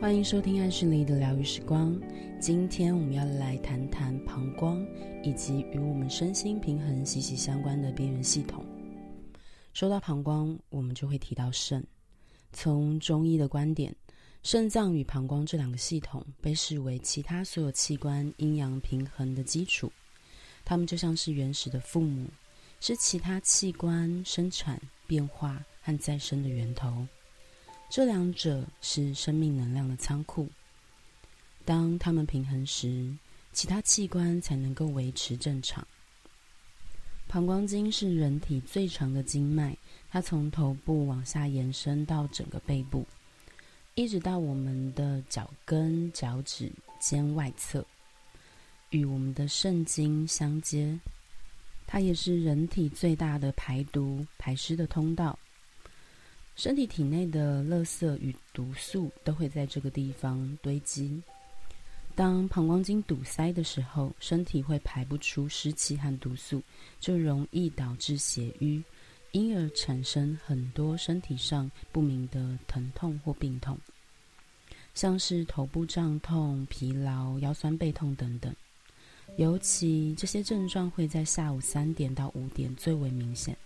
歡迎收聽愛旭黎的療癒時光。今天我們要來談談膀胱，以及與我們身心平衡息息相關的邊緣系統。說到膀胱，我們就會提到腎。從中醫的觀點，腎臟與膀胱這兩個系統被視為其他所有器官陰陽平衡的基礎。它們就像是原始的父母，是其他器官生產、變化和再生的源頭。這兩者是生命能量的倉庫。當它們平衡時，其他器官才能夠維持正常。膀胱經是人體最長的經脈，它從頭部往下延伸到整個背部，一直到我們的腳跟、腳趾尖外側，與我們的腎經相接。它也是人體最大的排毒排濕的通道。身體體內的垃圾與毒素都會在這個地方堆積。當膀胱經堵塞的時候，身體會排不出濕氣和毒素，就容易導致血瘀，因而產生很多身體上不明的疼痛或病痛，像是頭部脹痛、疲勞、腰痠背痛等等。尤其這些症狀會在下午三點到五點最為明顯。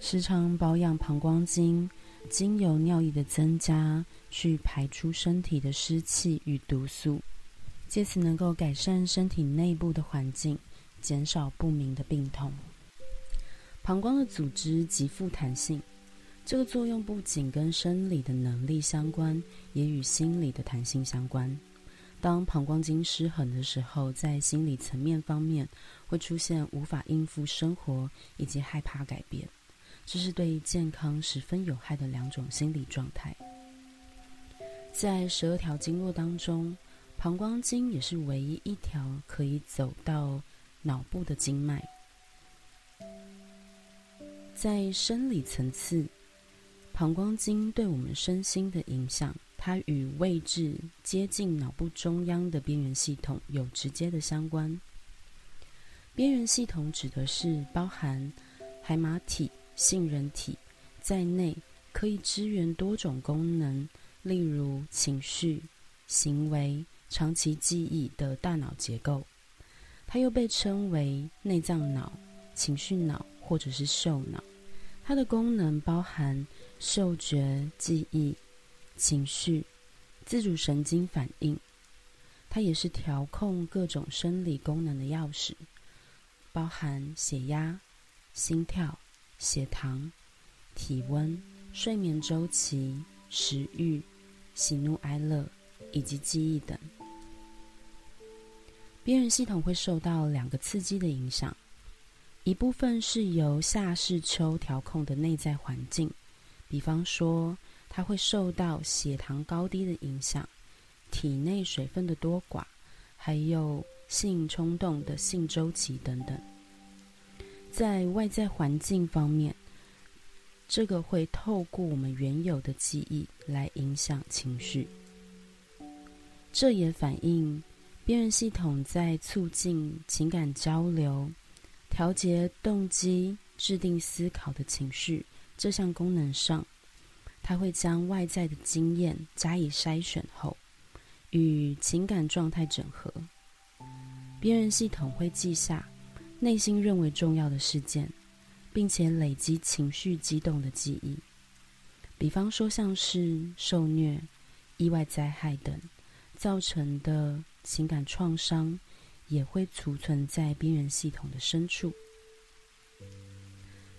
時常保養膀胱經，經由尿液的增加，去排出身體的濕氣與毒素，借此能夠改善身體內部的環境，減少不明的病痛。膀胱的組織極富彈性，這個作用不僅跟生理的能力相關，也與心理的彈性相關。當膀胱經失衡的時候，在心理層面方面會出現無法應付生活以及害怕改變。這是對健康十分有害的兩種心理狀態。在十二條經絡當中，膀胱經也是唯一一條可以走到腦部的經脈。在生理層次，膀胱經對我們身心的影響，它與位置接近腦部中央的邊緣系統有直接的相關。邊緣系統指的是包含海馬體、性人體在內可以支援多種功能，例如情緒、行為、長期記憶的大腦結構。它又被稱為內臟腦、情緒腦或者是嗅腦。它的功能包含嗅覺、記憶、情緒、自主神經反應。它也是調控各種生理功能的鑰匙，包含血壓、心跳、血糖、體溫、睡眠週期、食慾、喜怒哀樂以及記憶等，邊緣系統會受到兩個刺激的影響，一部分是由下視丘調控的內在環境，比方說，它會受到血糖高低的影響、體內水分的多寡，還有性衝動的性週期等等。在外在環境方面，這個會透過我們原有的記憶來影響情緒。這也反映邊緣系統在促進情感交流、調節動機、制定思考的情緒這項功能上，它會將外在的經驗加以篩選後，與情感狀態整合。邊緣系統會記下。內心認為重要的事件，並且累積情緒激動的記憶，比方說像是受虐、意外災害等造成的情感創傷，也會儲存在邊緣系統的深處。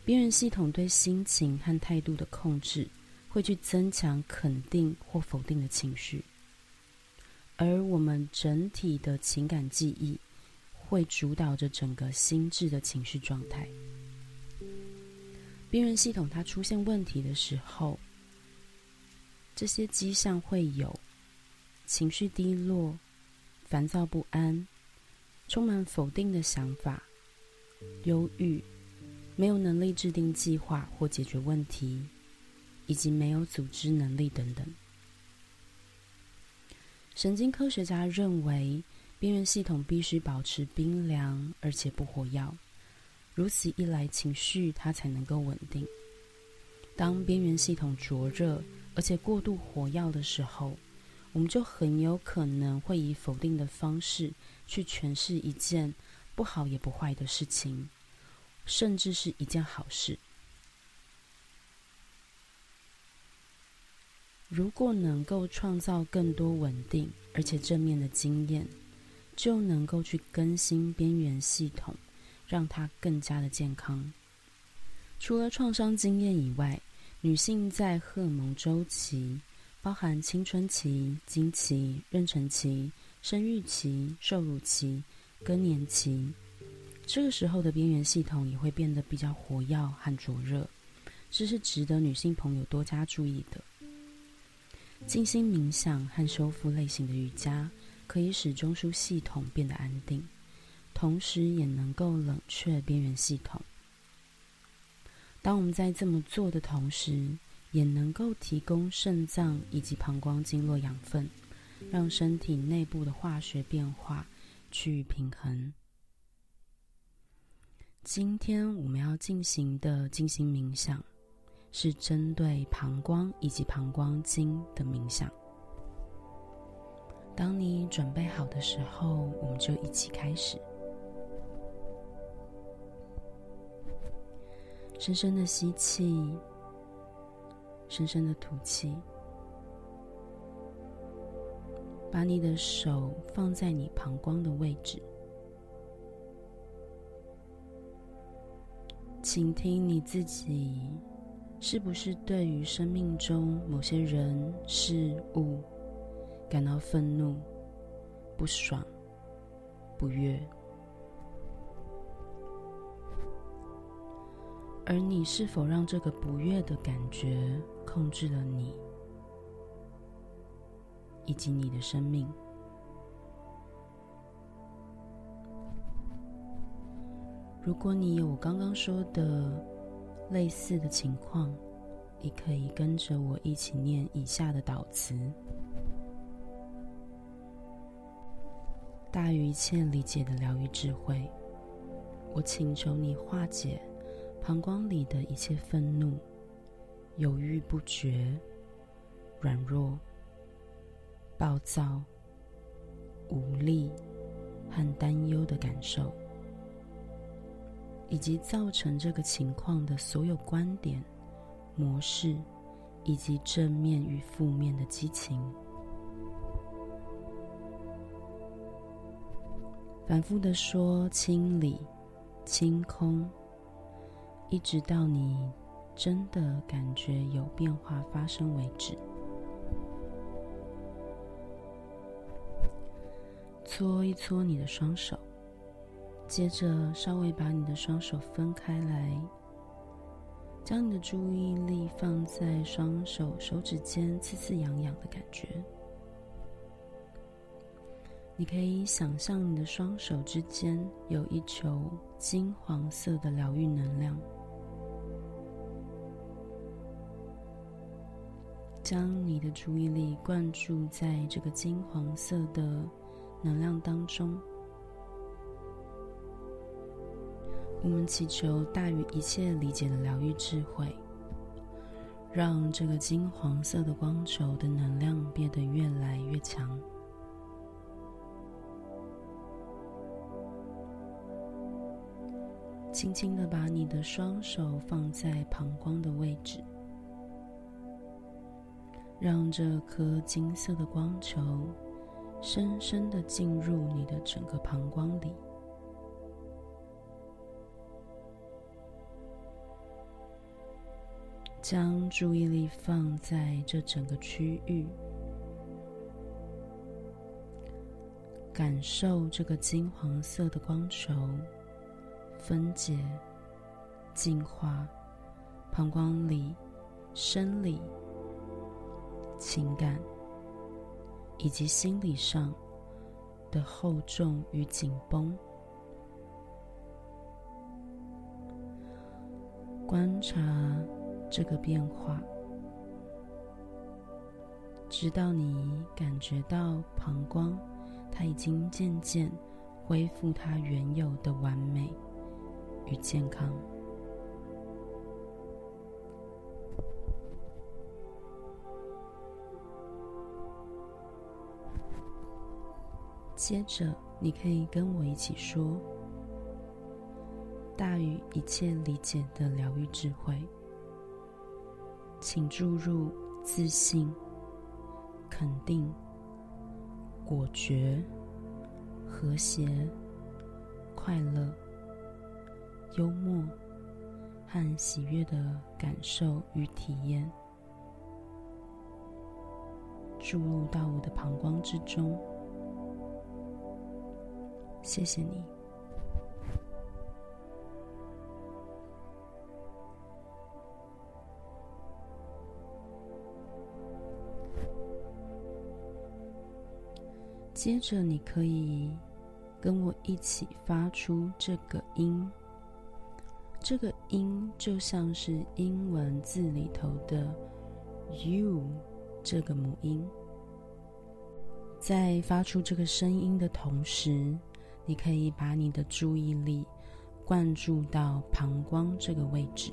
邊緣系統對心情和態度的控制，會去增強肯定或否定的情緒，而我們整體的情感記憶。會主導着整個心智的情緒狀態。邊緣系統它出現問題的時候，這些跡象會有情緒低落、煩躁不安、充滿否定的想法、憂鬱、沒有能力制定計劃或解決問題，以及沒有組織能力等等。神經科學家認為。邊緣系統必須保持冰涼，而且不活躍。如此一來，情緒它才能夠穩定。當邊緣系統灼熱而且過度活躍的時候，我們就很有可能會以否定的方式去詮釋一件不好也不壞的事情，甚至是一件好事。如果能夠創造更多穩定而且正面的經驗。就能夠去更新邊緣系統，讓它更加的健康。除了創傷經驗以外，女性在荷爾蒙週期，包含青春期、經期、妊娠期、生育期、受乳期、更年期，這個時候的邊緣系統也會變得比較活躍和灼熱，這是值得女性朋友多加注意的。靜心冥想和修復類型的瑜伽，可以使中樞系統變得安定，同時也能夠冷卻邊緣系統。當我們在這麼做的同時，也能夠提供腎臟以及膀胱經絡養分，讓身體內部的化學變化去平衡。今天我們要進行的靜心冥想，是針對膀胱以及膀胱經的冥想。當你準備好的時候，我們就一起開始。深深的吸氣，深深的吐氣，把你的手放在你膀胱的位置，傾聽你自己，是不是對於生命中某些人事物。感到憤怒、不爽、不悅，而你是否讓這個不悅的感覺控制了你以及你的生命？如果你有我剛剛說的類似的情況，你可以跟着我一起念以下的導詞。大於一切理解的療癒智慧，我請求你化解膀胱裡的一切憤怒、猶豫不決、軟弱、暴躁、無力和擔憂的感受，以及造成這個情況的所有觀點、模式，以及正面與負面的激情。反覆的說“清理、清空”，一直到你真的感覺有變化發生為止。搓一搓你的雙手，接着稍微把你的雙手分開來，將你的注意力放在雙手手指間刺刺癢癢的感覺。你可以想象你的雙手之間有一球金黃色的療癒能量，將你的注意力灌注在這個金黃色的能量當中。我們祈求大於一切理解的療癒智慧，讓這個金黃色的光球的能量變得越來越強。輕輕的把你的雙手放在膀胱的位置，讓這顆金色的光球深深的進入你的整個膀胱裡，將注意力放在這整個區域，感受這個金黃色的光球。分解、淨化，膀胱裡生理、情感以及心理上的厚重與緊繃，觀察這個變化，直到你感覺到膀胱，它已經漸漸恢復它原有的完美，與健康。接着，你可以跟我一起說：“大於一切理解的療癒智慧，請注入自信、肯定、果決、和諧、快樂。”幽默和喜悅的感受與體驗注入到我的膀胱之中。謝謝你。接着，你可以跟我一起發出這個音。這個音就像是英文字裡頭的 “u” 這個母音，在發出這個聲音的同時，你可以把你的注意力灌注到膀胱這個位置，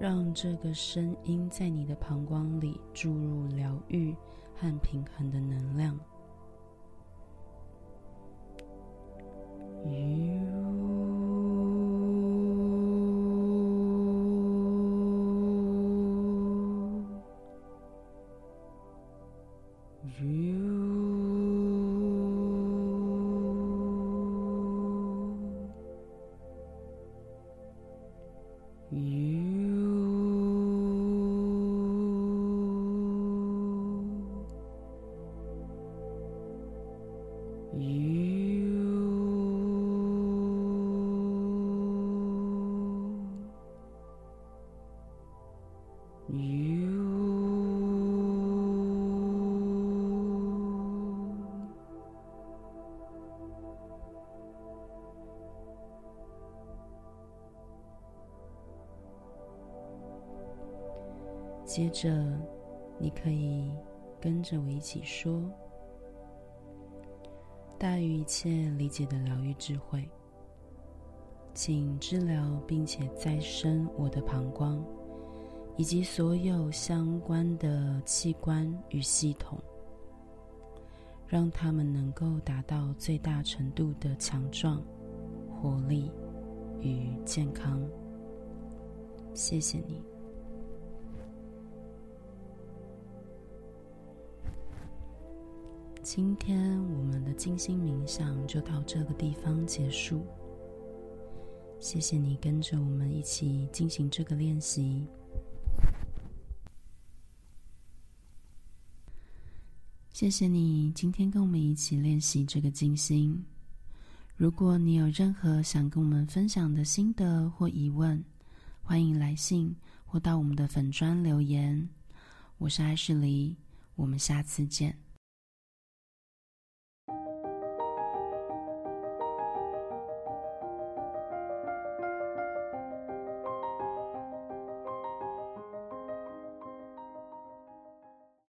讓這個聲音在你的膀胱裡注入療癒和平衡的能量。u 接着，你可以跟着我一起說：“大於一切理解的療癒智慧，請治療並且再生我的膀胱，以及所有相關的器官與系統，讓他們能夠達到最大程度的強壯、活力與健康。”謝謝你。今天我們的靜心冥想就到這個地方結束。謝謝你跟着我們一起進行這個練習。謝謝你今天跟我們一起練習這個靜心。如果你有任何想跟我們分享的心得或疑問，歡迎來信或到我們的粉專留言。我是愛旭黎，我們下次見。